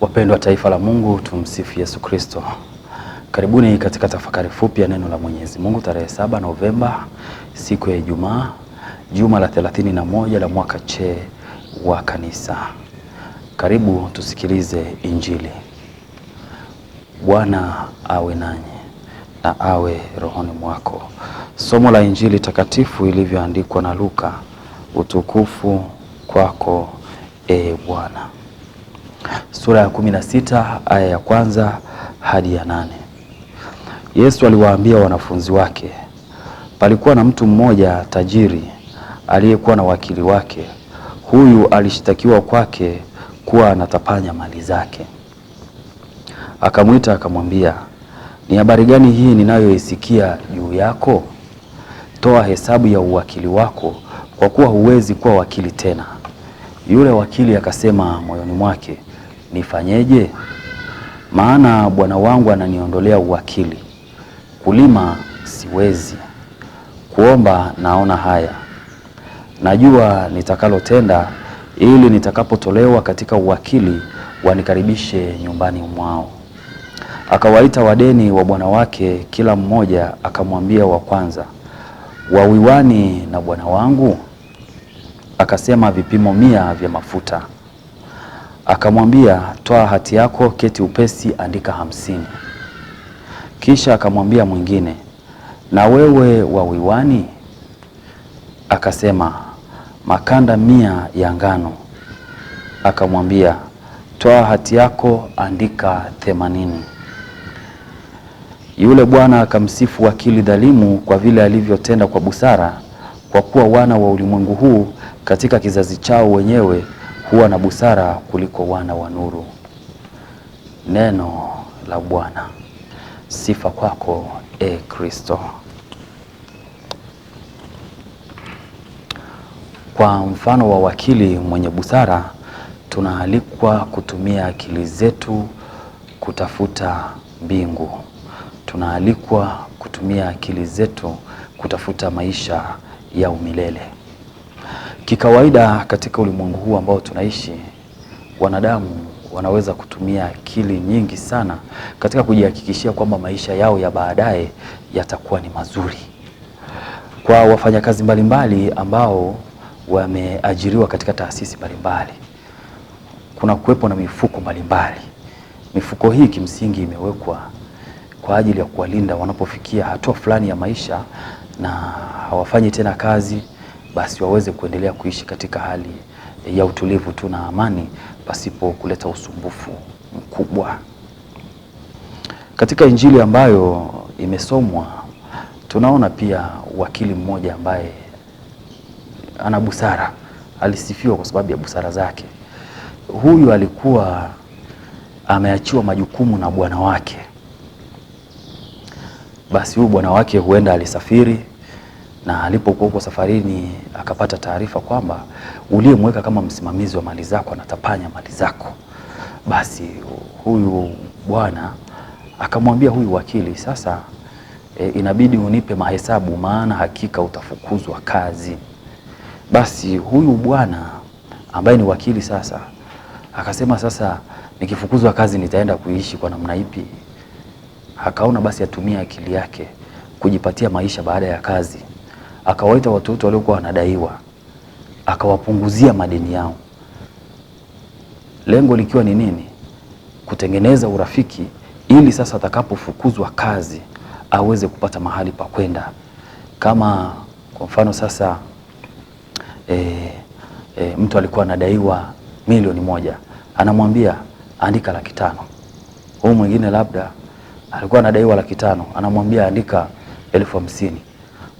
Wapendwa taifa la Mungu, tumsifu Yesu Kristo. Karibuni katika tafakari fupi ya neno la Mwenyezi Mungu tarehe saba Novemba, siku ya Ijumaa, juma la thelathini na moja la mwaka che wa kanisa. Karibu tusikilize Injili. Bwana awe nanyi na awe rohoni mwako. Somo la Injili takatifu ilivyoandikwa na Luka. Utukufu kwako e Bwana sura ya kumi na sita aya ya kwanza hadi ya nane. Yesu aliwaambia wanafunzi wake, palikuwa na mtu mmoja tajiri aliyekuwa na wakili wake. Huyu alishtakiwa kwake kuwa anatapanya mali zake. Akamwita akamwambia, ni habari gani hii ninayoisikia juu yako? Toa hesabu ya uwakili wako, kwa kuwa huwezi kuwa wakili tena. Yule wakili akasema moyoni mwake nifanyeje? Maana bwana wangu ananiondolea uwakili, kulima siwezi, kuomba naona haya. Najua nitakalotenda, ili nitakapotolewa katika uwakili wanikaribishe nyumbani mwao. Akawaita wadeni wa bwana wake, kila mmoja akamwambia wa kwanza, wawiwani na bwana wangu? Akasema vipimo mia vya mafuta. Akamwambia, twaa hati yako, keti upesi, andika hamsini. Kisha akamwambia mwingine, na wewe wa wiwani? Akasema, makanda mia ya ngano. Akamwambia, twaa hati yako, andika themanini. Yule bwana akamsifu wakili dhalimu kwa vile alivyotenda kwa busara, kwa kuwa wana wa ulimwengu huu katika kizazi chao wenyewe huwa na busara kuliko wana wa nuru. Neno la Bwana. Sifa kwako e Kristo. Kwa mfano wa wakili mwenye busara, tunaalikwa kutumia akili zetu kutafuta mbingu. Tunaalikwa kutumia akili zetu kutafuta maisha ya umilele. Kikawaida katika ulimwengu huu ambao tunaishi, wanadamu wanaweza kutumia akili nyingi sana katika kujihakikishia kwamba maisha yao ya baadaye yatakuwa ni mazuri. Kwa wafanyakazi mbalimbali ambao wameajiriwa katika taasisi mbalimbali, kuna kuwepo na mifuko mbalimbali. Mifuko hii kimsingi imewekwa kwa ajili ya kuwalinda wanapofikia hatua fulani ya maisha na hawafanyi tena kazi basi waweze kuendelea kuishi katika hali ya utulivu tu na amani pasipo kuleta usumbufu mkubwa. Katika Injili ambayo imesomwa tunaona pia wakili mmoja ambaye ana busara, alisifiwa kwa sababu ya busara zake. Huyu alikuwa ameachiwa majukumu na bwana wake. Basi huyu bwana wake huenda alisafiri na alipokuwa huko safarini akapata taarifa kwamba uliyemweka kama msimamizi wa mali zako anatapanya mali zako, basi huyu bwana akamwambia huyu wakili, sasa e, inabidi unipe mahesabu, maana hakika utafukuzwa kazi. Basi huyu bwana ambaye ni wakili sasa akasema, sasa nikifukuzwa kazi nitaenda kuishi kwa namna ipi? Akaona basi atumie akili yake kujipatia maisha baada ya kazi akawaita watoto waliokuwa wanadaiwa akawapunguzia madeni yao, lengo likiwa ni nini? Kutengeneza urafiki ili sasa atakapofukuzwa kazi aweze kupata mahali pa kwenda. Kama kwa mfano sasa e, e, mtu alikuwa anadaiwa milioni moja, anamwambia andika laki tano. Huyu mwingine labda alikuwa anadaiwa laki tano, anamwambia andika elfu hamsini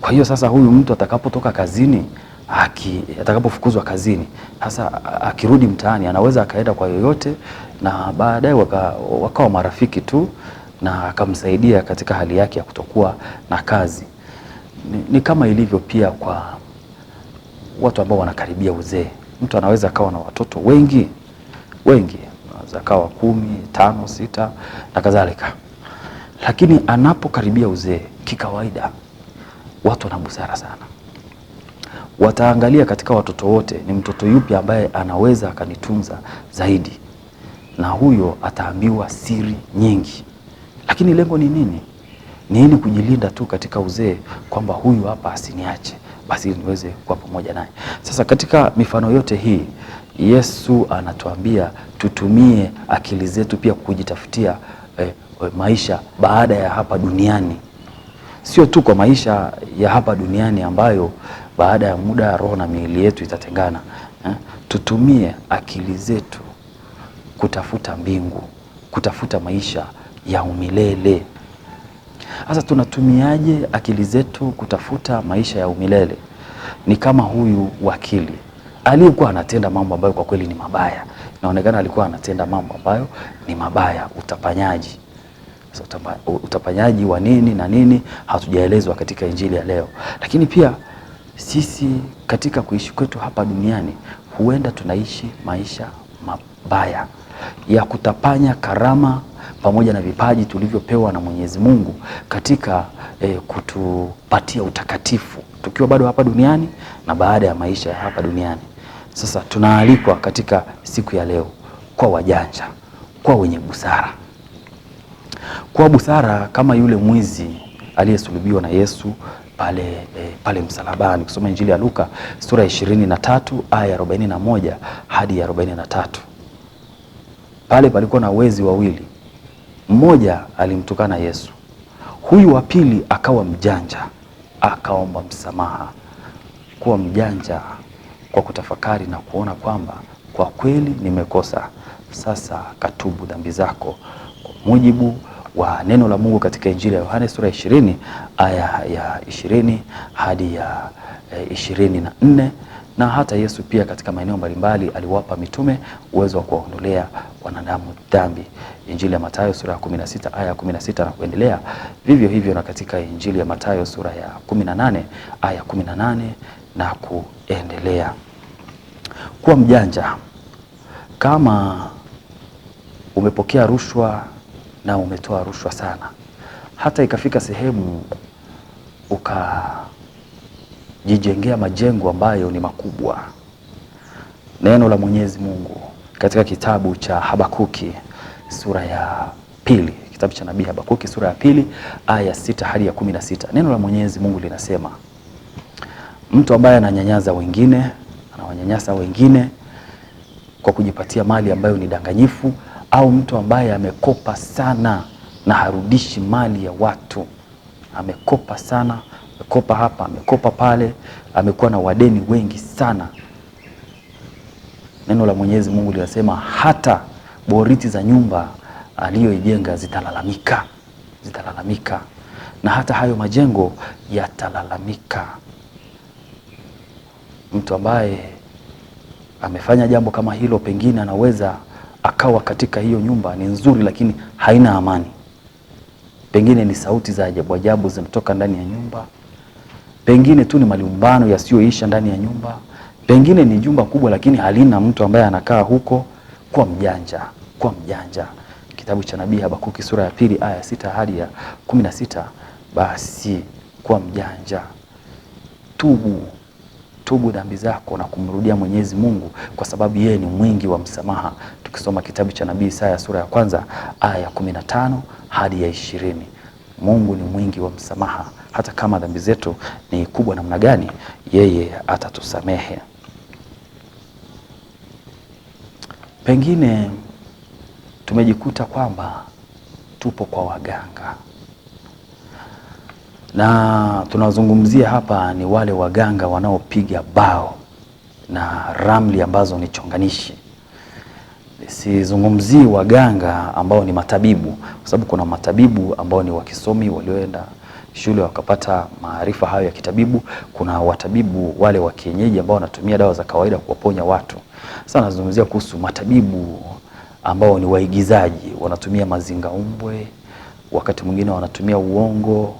kwa hiyo sasa huyu mtu atakapotoka kazini aki, atakapofukuzwa kazini sasa akirudi mtaani anaweza akaenda kwa yoyote, na baadaye wakawa waka marafiki tu na akamsaidia katika hali yake ya kutokuwa na kazi. Ni, ni kama ilivyo pia kwa watu ambao wanakaribia uzee. Mtu anaweza akawa na watoto wengi wengi, anaweza akawa kumi, tano, sita na kadhalika, lakini anapokaribia uzee kikawaida watu wana busara sana, wataangalia katika watoto wote ni mtoto yupi ambaye anaweza akanitunza zaidi, na huyo ataambiwa siri nyingi. Lakini lengo ni nini? Ni ili kujilinda tu katika uzee, kwamba huyu hapa asiniache, basi niweze kuwa pamoja naye. Sasa katika mifano yote hii Yesu anatuambia tutumie akili zetu pia kujitafutia eh, eh maisha baada ya hapa duniani sio tu kwa maisha ya hapa duniani ambayo baada ya muda roho na miili yetu itatengana eh? Tutumie akili zetu kutafuta mbingu, kutafuta maisha ya umilele. Sasa tunatumiaje akili zetu kutafuta maisha ya umilele? Ni kama huyu wakili aliyekuwa anatenda mambo ambayo kwa kweli ni mabaya, inaonekana alikuwa anatenda mambo ambayo ni mabaya, utapanyaji utapanyaji wa nini na nini hatujaelezwa katika Injili ya leo, lakini pia sisi katika kuishi kwetu hapa duniani huenda tunaishi maisha mabaya ya kutapanya karama pamoja na vipaji tulivyopewa na Mwenyezi Mungu katika eh, kutupatia utakatifu tukiwa bado hapa duniani na baada ya maisha ya hapa duniani. Sasa tunaalikwa katika siku ya leo kwa wajanja, kwa wenye busara kwa busara kama yule mwizi aliyesulubiwa na Yesu pale, eh, pale msalabani. Kusoma Injili ya Luka sura ya 23 aya moja hadi ya tatu Pale palikuwa na wezi wawili, mmoja alimtukana Yesu, huyu wa pili akawa mjanja, akaomba msamaha. Kuwa mjanja kwa kutafakari na kuona kwamba kwa kweli nimekosa, sasa katubu dhambi zako kwa mujibu wa neno la Mungu katika Injili ya Yohane sura ya 20 aya ya 20 hadi ya eh, ishirini na nne na hata Yesu pia katika maeneo mbalimbali aliwapa mitume uwezo wa kuwaondolea wanadamu dhambi. Injili ya Mathayo sura ya 16 aya ya 16 na kuendelea. Vivyo hivyo na katika Injili ya Mathayo sura ya 18 aya ya 18 na kuendelea. Kuwa mjanja. Kama umepokea rushwa na umetoa rushwa sana, hata ikafika sehemu ukajijengea majengo ambayo ni makubwa. Neno la Mwenyezi Mungu katika kitabu cha Habakuki sura ya pili, kitabu cha nabii Habakuki sura ya pili aya ya sita hadi ya kumi na sita neno la Mwenyezi Mungu linasema mtu ambaye ananyanyaza wengine, anawanyanyasa wengine kwa kujipatia mali ambayo ni danganyifu au mtu ambaye amekopa sana na harudishi mali ya watu. Amekopa sana, amekopa hapa, amekopa pale, amekuwa na wadeni wengi sana. Neno la Mwenyezi Mungu linasema hata boriti za nyumba aliyoijenga zitalalamika, zitalalamika na hata hayo majengo yatalalamika. Mtu ambaye amefanya jambo kama hilo, pengine anaweza akawa katika hiyo nyumba ni nzuri, lakini haina amani. Pengine ni sauti za ajabu ajabu zinatoka ndani ya nyumba, pengine tu ni malumbano yasiyoisha ndani ya nyumba, pengine ni jumba kubwa, lakini halina mtu ambaye anakaa huko. kwa mjanja, kwa mjanja. Kitabu cha nabii Habakuki sura ya pili aya ya sita hadi ya kumi na sita. Basi kwa mjanja, tubu kutubu dhambi zako na kumrudia Mwenyezi Mungu kwa sababu yeye ni mwingi wa msamaha. Tukisoma kitabu cha nabii Isaya sura ya kwanza aya ya kumi na tano hadi ya ishirini. Mungu ni mwingi wa msamaha, hata kama dhambi zetu ni kubwa namna gani, yeye atatusamehe. Pengine tumejikuta kwamba tupo kwa waganga na tunazungumzia hapa ni wale waganga wanaopiga bao na ramli ambazo ni chonganishi. Sizungumzii waganga ambao ni matabibu, kwa sababu kuna matabibu ambao ni wakisomi walioenda shule wakapata maarifa hayo ya kitabibu. Kuna watabibu wale wa kienyeji ambao wanatumia dawa za kawaida kuwaponya watu. Sasa nazungumzia kuhusu matabibu ambao ni waigizaji, wanatumia mazinga umbwe, wakati mwingine wanatumia uongo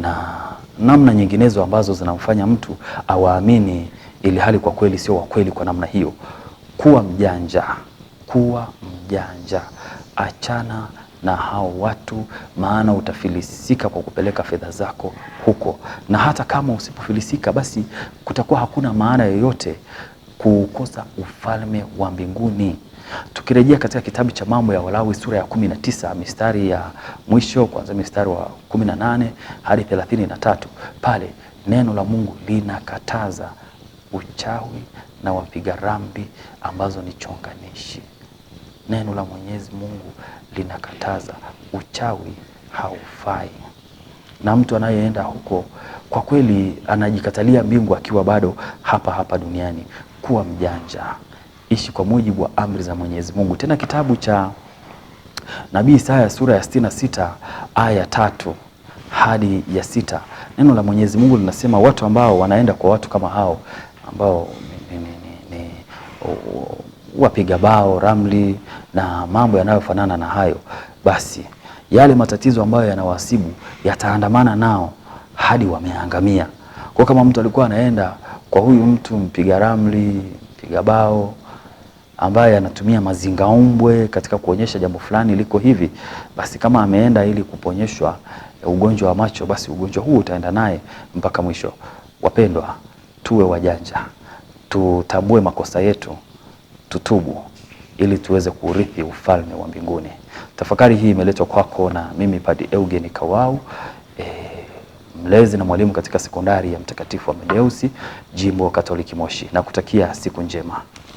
na namna nyinginezo ambazo zinamfanya mtu awaamini, ili hali kwa kweli sio wakweli kwa namna hiyo. Kuwa mjanja, kuwa mjanja, achana na hao watu, maana utafilisika kwa kupeleka fedha zako huko, na hata kama usipofilisika, basi kutakuwa hakuna maana yoyote kuukosa ufalme wa mbinguni. Tukirejea katika kitabu cha Mambo ya Walawi sura ya kumi na tisa mistari ya mwisho kuanzia mistari wa kumi na nane hadi thelathini na tatu pale neno la Mungu linakataza uchawi na wapiga rambi ambazo ni chonganishi. Neno la Mwenyezi Mungu linakataza uchawi, haufai na mtu anayeenda huko kwa kweli anajikatalia mbingu akiwa bado hapa hapa duniani. Kuwa mjanja ishi kwa mujibu wa amri za Mwenyezi Mungu. Tena kitabu cha Nabii Isaya sura ya sitini na sita aya ya tatu hadi ya sita neno la Mwenyezi Mungu linasema watu ambao wanaenda kwa watu kama hao ambao ni, ni, ni, ni, wapiga bao ramli na mambo yanayofanana na hayo, basi yale matatizo ambayo yanawasibu yataandamana nao hadi wameangamia. Kwa kama mtu alikuwa anaenda kwa huyu mtu mpiga ramli, mpiga bao ambaye anatumia mazingaumbwe katika kuonyesha jambo fulani liko hivi, basi kama ameenda ili kuponyeshwa eh, ugonjwa wa macho, basi ugonjwa huu utaenda naye mpaka mwisho. Wapendwa, tuwe wajanja, tutambue makosa yetu, tutubu ili tuweze kurithi ufalme wa mbinguni. Tafakari hii imeletwa kwako na mimi Padre Eugene Kawau e, mlezi na mwalimu katika sekondari ya Mtakatifu Amadeusi, Jimbo Katoliki Moshi, na kutakia siku njema.